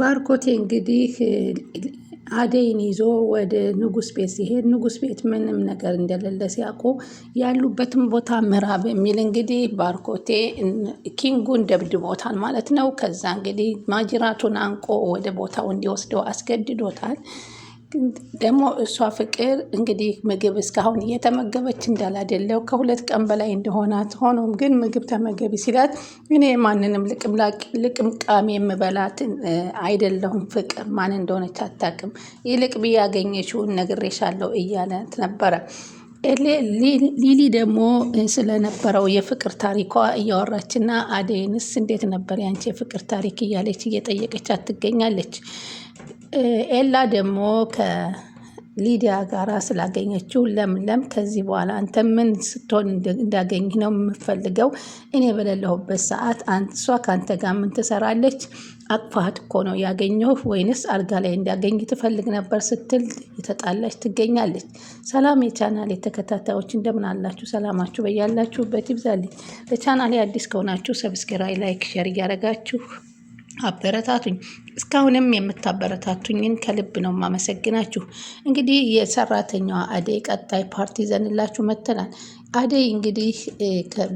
ባርኮቴ እንግዲህ አደይን ይዞ ወደ ንጉስ ቤት ሲሄድ ንጉስ ቤት ምንም ነገር እንደሌለ ሲያውቁ ያሉበትን ቦታ ምዕራብ የሚል እንግዲህ ባርኮቴ ኪንጉን ደብድቦታል ማለት ነው። ከዛ እንግዲህ ማጅራቱን አንቆ ወደ ቦታው እንዲወስደው አስገድዶታል። ደግሞ እሷ ፍቅር እንግዲህ ምግብ እስካሁን እየተመገበች እንዳላደለው ከሁለት ቀን በላይ እንደሆናት፣ ሆኖም ግን ምግብ ተመገቢ ሲላት እኔ ማንንም ልቅምቃሚ የምበላት አይደለሁም ፍቅር ማን እንደሆነች አታውቅም፣ ይልቅ ብያገኘችውን ነግሬሻለሁ እያለት ነበረ። ሊሊ ደግሞ ስለነበረው የፍቅር ታሪኳ እያወራችና አደይንስ እንዴት ነበር ያንቺ የፍቅር ታሪክ እያለች እየጠየቀች ትገኛለች። ኤላ ደግሞ ከሊዲያ ጋር ስላገኘችው ለምለም ከዚህ በኋላ አንተ ምን ስትሆን እንዳገኝ ነው የምፈልገው? እኔ በሌለሁበት ሰዓት እሷ ከአንተ ጋር ምን ትሰራለች? አቅፋት እኮ ነው ያገኘው ወይንስ አልጋ ላይ እንዲያገኝ ትፈልግ ነበር? ስትል የተጣላች ትገኛለች። ሰላም የቻናል የተከታታዮች እንደምን አላችሁ? ሰላማችሁ በያላችሁበት ይብዛልኝ። ለቻናሌ አዲስ ከሆናችሁ ሰብስክራይ፣ ላይክ፣ ሸር እያደረጋችሁ አበረታቱኝ እስካሁንም የምታበረታቱኝን ከልብ ነው የማመሰግናችሁ። እንግዲህ የሰራተኛዋ አደይ ቀጣይ ፓርቲ ዘንላችሁ መጥተናል። አደይ እንግዲህ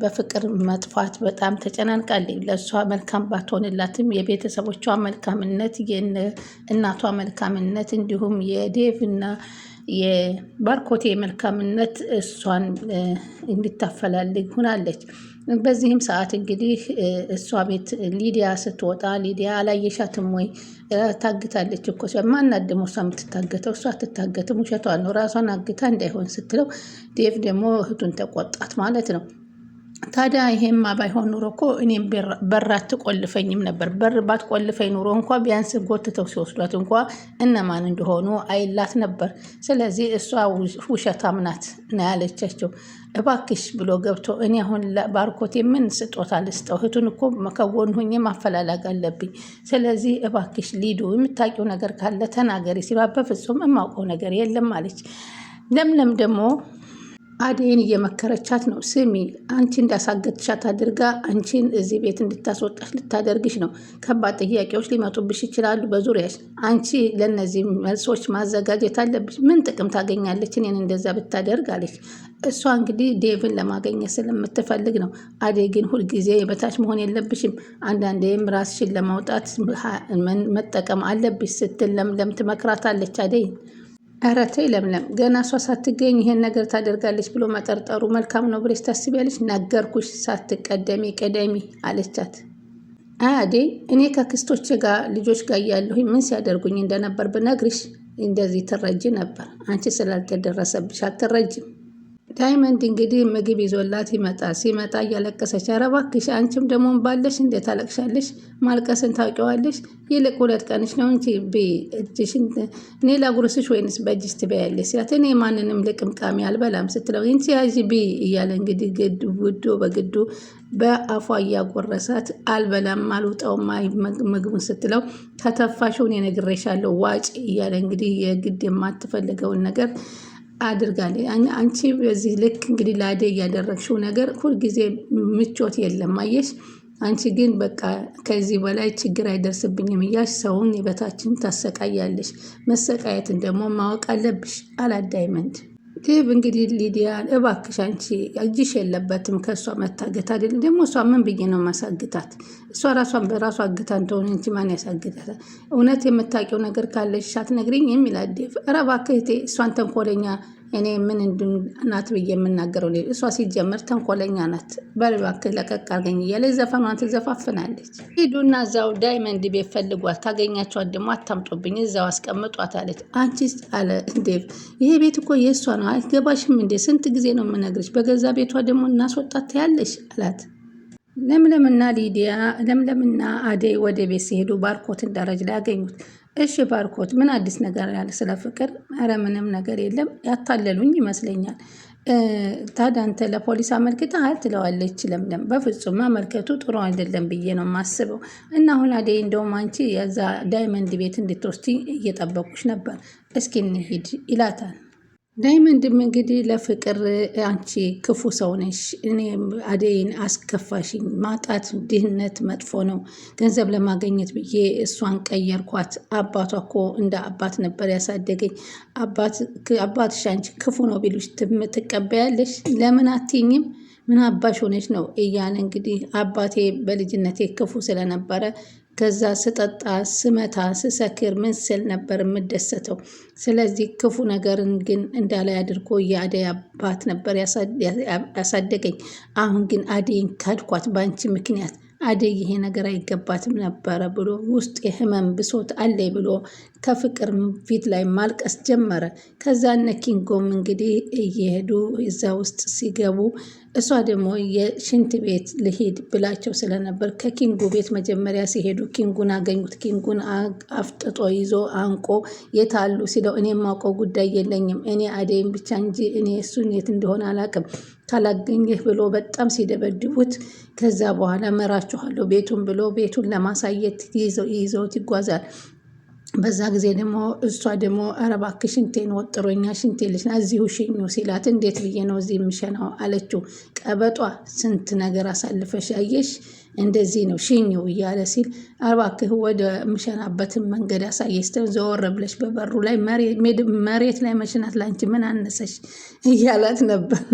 በፍቅር መጥፋት በጣም ተጨናንቃለች። ለእሷ መልካም ባትሆንላትም የቤተሰቦቿ መልካምነት፣ እናቷ መልካምነት እንዲሁም የዴቭና የባርኮቴ መልካምነት እሷን እንድታፈላልግ ሁናለች። በዚህም ሰዓት እንግዲህ እሷ ቤት ሊዲያ ስትወጣ ሊዲያ አላየሻትም ወይ? ታግታለች እኮ ማናት እሷ የምትታገተው? እሷ አትታገትም፣ ውሸቷ ነው ራሷን አግታ እንዳይሆን ስትለው ዴቭ ደግሞ እህቱን ተቆጣት ማለት ነው። ታዲያ ይሄማ ባይሆን ኑሮ እኮ እኔም በር አትቆልፈኝም ነበር። በር ባትቆልፈኝ ኑሮ እንኳ ቢያንስ ጎትተው ሲወስዷት እንኳ እነማን እንደሆኑ አይላት ነበር። ስለዚህ እሷ ውሸታም ናት ነው ያለቻቸው። እባክሽ ብሎ ገብቶ እኔ አሁን ባርኮቴ ምን ስጦታ ልስጠው? እህቱን እኮ መከወን ሁኜ ማፈላለግ አለብኝ። ስለዚህ እባክሽ ሊዱ የምታውቂው ነገር ካለ ተናገሪ ሲባ በፍጹም የማውቀው ነገር የለም አለች። ለምለም ደግሞ አደይን እየመከረቻት ነው። ስሚ አንቺ እንዳሳገትሻት አድርጋ አንቺን እዚህ ቤት እንድታስወጣሽ ልታደርግሽ ነው። ከባድ ጥያቄዎች ሊመጡብሽ ይችላሉ በዙሪያሽ። አንቺ ለእነዚህ መልሶች ማዘጋጀት አለብሽ። ምን ጥቅም ታገኛለች እኔን እንደዛ ብታደርግ አለች። እሷ እንግዲህ ዴቭን ለማገኘት ስለምትፈልግ ነው። አደይ ግን ሁልጊዜ የበታች መሆን የለብሽም፣ አንዳንዴም ራስሽን ለማውጣት መጠቀም አለብሽ ስትል ለምለም ትመክራታለች አደይን ኧረ ተይ ለምለም፣ ገና እሷ ሳትገኝ ይሄን ነገር ታደርጋለች ብሎ መጠርጠሩ መልካም ነው ብለሽ ታስቢያለሽ? ነገርኩሽ፣ ሳትቀደሚ ቀደሚ አለቻት። አዴ እኔ ከክስቶች ጋር ልጆች ጋር እያለሁ ምን ሲያደርጉኝ እንደነበር ብነግርሽ እንደዚህ ትረጂ ነበር። አንቺ ስላልተደረሰብሽ አትረጅም። ዳይመንድ እንግዲህ ምግብ ይዞላት ይመጣ ሲመጣ እያለቀሰች ኧረ እባክሽ አንቺም ደግሞ ባለሽ እንዴት አለቅሻለሽ? ማልቀስን ታውቂዋለሽ? ይልቅ ሁለት ቀንሽ ነው እንጂ እጅሽን እኔ ላጉርስሽ ወይንስ በእጅሽ ትበያለሽ ሲላት እኔ ማንንም ልቅምቃሚ አልበላም ስትለው ይንቺ ያዥ ቢ እያለ እንግዲህ ግድ ውዶ በግዱ በአፏ እያጎረሳት አልበላም አልውጣውም ምግቡን ስትለው ከተፋሽውን የነግሬሻለሁ ዋጭ እያለ እንግዲህ የግድ የማትፈልገውን ነገር አድርጋለች። አንቺ በዚህ ልክ እንግዲህ ለአደይ ያደረግሽው ነገር ሁልጊዜ ምቾት የለም አየሽ። አንቺ ግን በቃ ከዚህ በላይ ችግር አይደርስብኝም እያልሽ ሰውን የበታችን ታሰቃያለሽ። መሰቃየትን ደግሞ ማወቅ አለብሽ። አላዳይመንድ ቴብ እንግዲህ ሊዲያን እባክሽ አንቺ እጅሽ የለበትም ከእሷ መታገት አይደል? ደግሞ እሷ ምን ብዬ ነው ማሳግታት? እሷ ራሷን በራሷ አግታ እንደሆነ እንጂ ማን ያሳግታታል? እውነት የምታውቂው ነገር ካለሽ ሳትነግሪኝ የሚል አዴፍ ኧረ እባክህ እቴ እሷን ተንኮለኛ እኔ ምን ናት ብዬ የምናገረው እሷ ሲጀመር ተንኮለኛ ናት። በልባክህ ለቀቅ አርገኝ እያለች ዘፈኗን ትዘፋፍናለች። ሂዱና እዛው ዳይመንድ ቤት ፈልጓት፣ ካገኛቸዋት ደግሞ አታምጦብኝ እዛው አስቀምጧት አለች። አንቺ አለ እንዴ ይሄ ቤት እኮ የእሷ ነው አይገባሽም እንዴ? ስንት ጊዜ ነው የምነግርሽ? በገዛ ቤቷ ደግሞ እናስወጣት ያለሽ አላት። ለምለምና ሊዲያ ለምለምና አደይ ወደ ቤት ሲሄዱ ባርኮትን ደረጅ ላይ አገኙት። እሺ ባርኮት፣ ምን አዲስ ነገር ያለ ስለ ፍቅር? ኧረ ምንም ነገር የለም። ያታለሉኝ ይመስለኛል። ታዲያ አንተ ለፖሊስ አመልክተሃል ትለዋለች ለምለም። በፍጹም አመልከቱ ጥሩ አይደለም ብዬ ነው የማስበው። እና አሁን አደይ፣ እንደውም አንቺ የዛ ዳይመንድ ቤት እንድትወስድ እየጠበቁች ነበር። እስኪ እንሂድ ይላታል። ዳይመንድም እንግዲህ ለፍቅር አንቺ ክፉ ሰው ነሽ፣ እኔ አደይን አስከፋሽኝ፣ ማጣት ድህነት መጥፎ ነው፣ ገንዘብ ለማገኘት ብዬ እሷን ቀየርኳት። አባቷ እኮ እንደ አባት ነበር ያሳደገኝ። አባትሽ አንቺ ክፉ ነው ቢሉሽ ትቀበያለሽ? ለምን አትይኝም? ምን አባሽ ሆነች ነው እያለ እንግዲህ አባቴ በልጅነቴ ክፉ ስለነበረ ከዛ ስጠጣ፣ ስመታ፣ ስሰክር ምን ስል ነበር የምደሰተው። ስለዚህ ክፉ ነገርን ግን እንዳላይ አድርጎ የአደይ አባት ነበር ያሳደገኝ። አሁን ግን አደይን ካድኳት በአንቺ ምክንያት አደይ ይሄ ነገር አይገባትም ነበረ ብሎ ውስጥ የህመም ብሶት አለኝ ብሎ ከፍቅር ፊት ላይ ማልቀስ ጀመረ። ከዛ እነ ኪንጎም እንግዲህ እየሄዱ እዛ ውስጥ ሲገቡ እሷ ደግሞ የሽንት ቤት ልሂድ ብላቸው ስለነበር ከኪንጉ ቤት መጀመሪያ ሲሄዱ ኪንጉን አገኙት። ኪንጉን አፍጥጦ ይዞ አንቆ የት አሉ ሲለው እኔ የማውቀው ጉዳይ የለኝም እኔ አደይም ብቻ እንጂ እኔ እሱን የት እንደሆነ አላቅም ካላገኘህ ብሎ በጣም ሲደበድቡት ከዛ በኋላ መራችኋለሁ ቤቱን ብሎ ቤቱን ለማሳየት ይዘውት ይጓዛል። በዛ ጊዜ ደግሞ እሷ ደግሞ አረባክ ሽንቴን ወጥሮኛ ሽንቴ ልሽና እዚሁ ሽኙ ሲላት እንዴት ብዬ ነው እዚህ የምሸናው አለችው። ቀበጧ ስንት ነገር አሳልፈሽ ያየሽ እንደዚህ ነው ሽኙ እያለ ሲል እባክህ ወደ ምሸናበትን መንገድ አሳየሽ፣ ዘወር ብለሽ በበሩ ላይ መሬት ላይ መሽናት ላንቺ ምን አነሰሽ እያላት ነበር።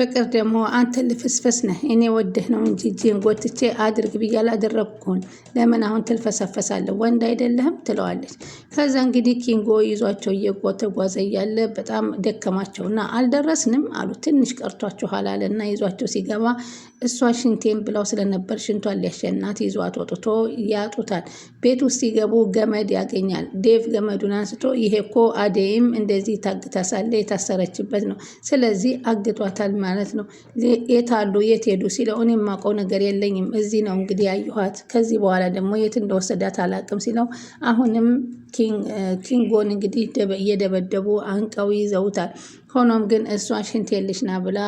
ፍቅር ደግሞ አንተ ልፍስፍስ ነህ፣ እኔ ወድህ ነው እንጂ እጄን ጎትቼ አድርግ ብዬ አላደረግኩህም። ለምን አሁን ትልፈሰፈሳለህ? ወንድ አይደለህም ትለዋለች። ከዛ እንግዲህ ኪንጎ ይዟቸው እየተጓዘ እያለ በጣም ደከማቸውና አልደረስንም አሉ። ትንሽ ቀርቷችኋል አለና ይዟቸው ሲገባ እሷ ሽንቴን ብለው ስለነበር ሽንቷን ሊያሸናት ይዟት ወጥቶ ያጡታል። ቤት ውስጥ ሲገቡ ገመድ ያገኛል። ዴቭ ገመዱን አንስቶ ይሄ እኮ አደይም እንደዚህ ታግታ ሳለ የታሰረችበት ነው፣ ስለዚህ አግቷታል ማለት ነው። የት አሉ የት ሄዱ ሲለው እኔ የማውቀው ነገር የለኝም፣ እዚህ ነው እንግዲህ ያየኋት፣ ከዚህ በኋላ ደግሞ የት እንደወሰዳት አላውቅም ሲለው አሁንም ኪንጎን እንግዲህ እየደበደቡ አንቀው ይዘውታል። ሆኖም ግን እሷ ሽንት የልሽ ና ብላ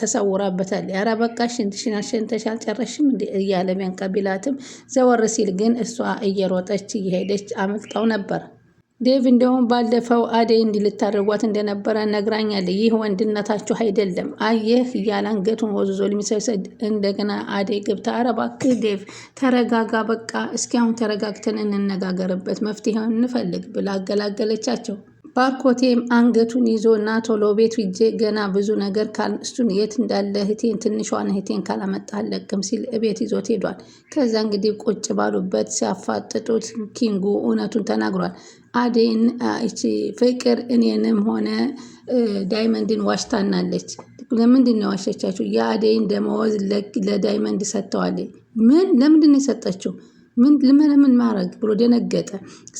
ተሰውራበታል። ኧረ በቃ ሽንትሽን አሸንተሽ አልጨረሽም እያለ ቢያንቃ ቢላትም ዘወር ሲል ግን እሷ እየሮጠች እየሄደች አመልጣው ነበር። ዴቭ እንደውም ባለፈው አደይ እንዲልታደርጓት እንደነበረ ነግራኛለች። ይህ ወንድነታችሁ አይደለም አየህ እያለ አንገቱን ወዝዞ ሊሚሰብሰድ እንደገና አደይ ገብታ ኧረ እባክህ ዴቭ ተረጋጋ፣ በቃ እስኪ አሁን ተረጋግተን እንነጋገርበት፣ መፍትሄውን እንፈልግ ብላ አገላገለቻቸው። ባርኮቴም አንገቱን ይዞ እና ቶሎ ቤት ሂጄ ገና ብዙ ነገር ካል የት እንዳለ እህቴን ትንሿን እህቴን ካላመጣ አለቅም ሲል እቤት ይዞት ሄዷል። ከዛ እንግዲህ ቁጭ ባሉበት ሲያፋጥጡት ኪንጉ እውነቱን ተናግሯል። አዴን ይቺ ፍቅር እኔንም ሆነ ዳይመንድን ዋሽታናለች። ለምንድን ነው ዋሸቻችሁ? የአዴን ደመወዝ ለዳይመንድ ሰጥተዋል። ምን ለምንድን ነው የሰጠችው? ምን ምን ማድረግ ብሎ ደነገጠ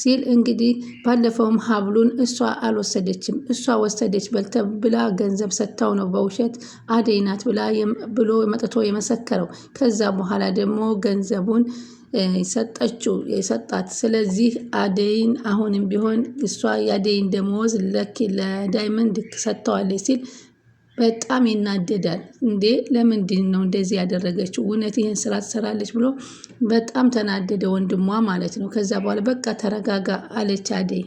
ሲል እንግዲህ ባለፈውም ሀብሉን እሷ አልወሰደችም እሷ ወሰደች በልተ ብላ ገንዘብ ሰጥታው ነው በውሸት አደይ ናት ብላ ብሎ መጥቶ የመሰከረው። ከዛ በኋላ ደግሞ ገንዘቡን ሰጠችው የሰጣት። ስለዚህ አደይን አሁንም ቢሆን እሷ የአደይን ደሞዝ ለኪ ለዳይመንድ ሰጥተዋለች ሲል በጣም ይናደዳል። እንዴ ለምንድነው እንደዚህ ያደረገችው? እውነት ይህን ስራ ትሰራለች ብሎ በጣም ተናደደ ወንድሟ ማለት ነው። ከዛ በኋላ በቃ ተረጋጋ አለች አደይ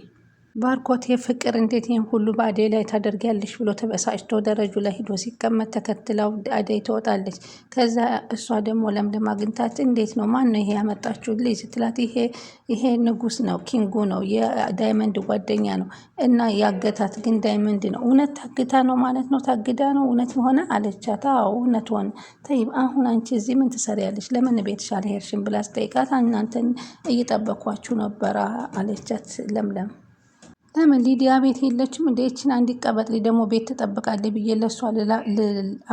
ባርኮት የፍቅር እንዴት ይህን ሁሉ በአደይ ላይ ታደርጊያለሽ ብሎ ተበሳጭቶ ደረጁ ላይ ሂዶ ሲቀመጥ ተከትለው አደይ ትወጣለች። ከዛ እሷ ደግሞ ለምለም አግኝታት እንዴት ነው ማን ነው ይሄ ያመጣችሁልኝ ስትላት ይሄ ይሄ ንጉስ ነው ኪንጉ ነው የዳይመንድ ጓደኛ ነው እና ያገታት ግን ዳይመንድ ነው። እውነት ታግታ ነው ማለት ነው ታግዳ ነው እውነት ሆነ አለቻት። አዎ እውነት ሆነ። ተይብ አሁን አንቺ እዚህ ምን ትሰሪያለሽ? ለምን ቤትሽ አልሄድሽም ብላ ስጠይቃት እናንተን እየጠበኳችሁ ነበረ አለቻት ለምለም ለምን ሊዲያ ቤት የለችም? እንደ ይችን አንዲት ደግሞ ቤት ትጠብቃለች ብዬ ለሷ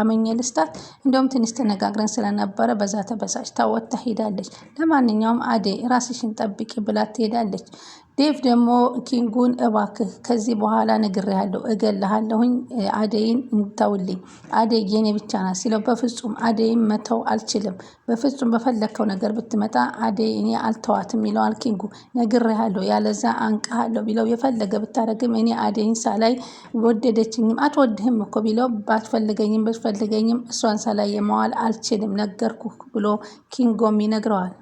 አመኘ ልስጣት። እንደውም ትንሽ ተነጋግረን ስለነበረ በዛ ተበሳጭታ ወጥታ ሄዳለች። ለማንኛውም አደይ ራስሽን ጠብቂ ብላ ትሄዳለች። ዴቭ ደግሞ ኪንጉን እባክህ ከዚህ በኋላ ነግሬሃለሁ፣ እገልሃለሁኝ አደይን እንተውልኝ፣ አደይ የኔ ብቻ ናት ሲለው በፍጹም አደይን መተው አልችልም፣ በፍጹም በፈለግከው ነገር ብትመጣ አደይ እኔ አልተዋትም ይለዋል ኪንጉ። ነግሬሃለሁ፣ ያለዛ አንቀሃለሁ ቢለው የፈለገ ብታደረግም እኔ አደይን ሳላይ ወደደችኝም አትወድህም እኮ ቢለው ባትፈልገኝም ብትፈልገኝም እሷን ሳላይ የመዋል አልችልም ነገርኩ ብሎ ኪንጎም ይነግረዋል።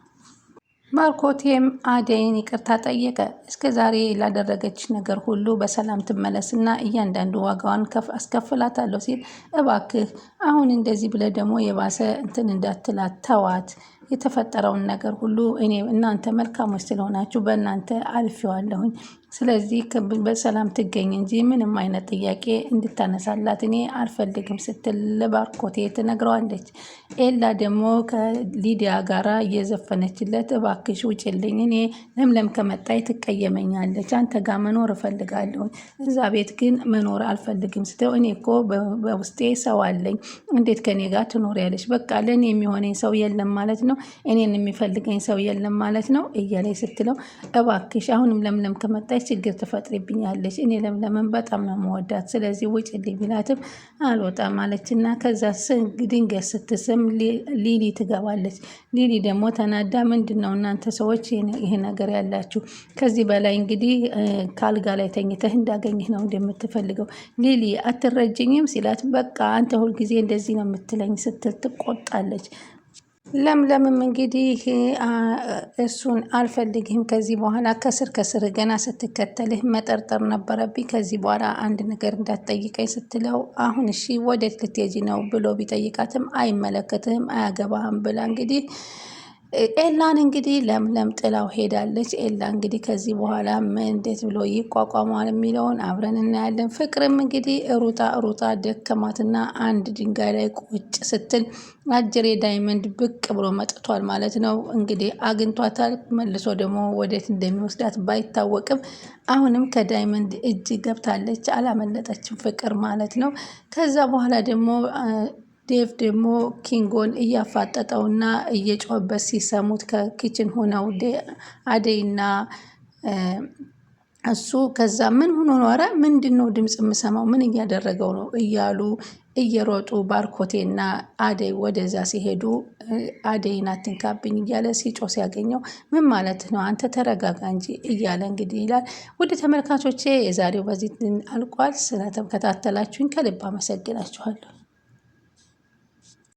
ባርኮቴም አደይን ይቅርታ ጠየቀ። እስከ ዛሬ ላደረገች ነገር ሁሉ በሰላም ትመለስና እያንዳንዱ ዋጋዋን ከፍ አስከፍላታለሁ ሲል እባክህ አሁን እንደዚህ ብለህ ደግሞ የባሰ እንትን እንዳትላት ተዋት። የተፈጠረውን ነገር ሁሉ እኔ እናንተ መልካሞች ስለሆናችሁ በእናንተ አልፌዋለሁኝ። ስለዚህ በሰላም ትገኝ እንጂ ምንም አይነት ጥያቄ እንድታነሳላት እኔ አልፈልግም ስትል ለባርኮቴ ትነግረዋለች። ኤላ ደግሞ ከሊዲያ ጋራ እየዘፈነችለት እባክሽ ውጭልኝ፣ እኔ ለምለም ከመጣይ ትቀየመኛለች፣ አንተ ጋር መኖር እፈልጋለሁ፣ እዛ ቤት ግን መኖር አልፈልግም ስትለው እኔ እኮ በውስጤ ሰው አለኝ፣ እንዴት ከኔ ጋር ትኖሪያለሽ? በቃ ለእኔ የሚሆነኝ ሰው የለም ማለት ነው፣ እኔን የሚፈልገኝ ሰው የለም ማለት ነው እያለኝ ስትለው እባክሽ አሁንም ለምለም ከመጣይ ላይ ችግር ትፈጥሪብኛለች። እኔ ለምለምን በጣም ነው መወዳት፣ ስለዚህ ውጭልኝ ቢላትም አልወጣም አለች እና ከዛ ድንገት ስትስም ሊሊ ትገባለች። ሊሊ ደግሞ ተናዳ ምንድን ነው እናንተ ሰዎች ይህ ነገር ያላችሁ ከዚህ በላይ እንግዲህ ካልጋ ላይ ተኝተህ እንዳገኝህ ነው እንደምትፈልገው ሊሊ አትረጅኝም ሲላት፣ በቃ አንተ ሁልጊዜ እንደዚህ ነው የምትለኝ ስትል ትቆጣለች። ለምለምም እንግዲህ እሱን አልፈልግህም ከዚህ በኋላ ከስር ከስር ገና ስትከተልህ መጠርጠር ነበረብኝ ከዚህ በኋላ አንድ ነገር እንዳትጠይቀኝ ስትለው አሁን እሺ ወደት ልትሄጂ ነው ብሎ ቢጠይቃትም አይመለከትህም አያገባህም ብላ እንግዲህ ኤላን እንግዲህ ለምለም ጥላው ሄዳለች። ኤላ እንግዲህ ከዚህ በኋላ ምን እንዴት ብሎ ይቋቋማል የሚለውን አብረን እናያለን። ፍቅርም እንግዲህ ሩጣ ሩጣ ደከማትና አንድ ድንጋይ ላይ ቁጭ ስትል አጅሬ ዳይመንድ ብቅ ብሎ መጥቷል ማለት ነው። እንግዲህ አግኝቷታል። መልሶ ደግሞ ወዴት እንደሚወስዳት ባይታወቅም አሁንም ከዳይመንድ እጅ ገብታለች። አላመለጠችም ፍቅር ማለት ነው። ከዛ በኋላ ደግሞ ዴቭ ደግሞ ኪንጎን እያፋጠጠውና እየጮኸበት ሲሰሙት ከኪችን ሆነው አደይና እሱ ከዛ ምን ሆኖ ነው? ኧረ ምንድን ነው ድምፅ የምሰማው? ምን እያደረገው ነው? እያሉ እየሮጡ ባርኮቴና አደይ ወደዛ ሲሄዱ አደይን አትንካብኝ እያለ ሲጮ ሲያገኘው ምን ማለት ነው? አንተ ተረጋጋ እንጂ እያለ እንግዲህ ይላል። ውድ ተመልካቾቼ የዛሬው በዚህ አልቋል። ስለተከታተላችሁኝ ከልብ አመሰግናችኋለሁ።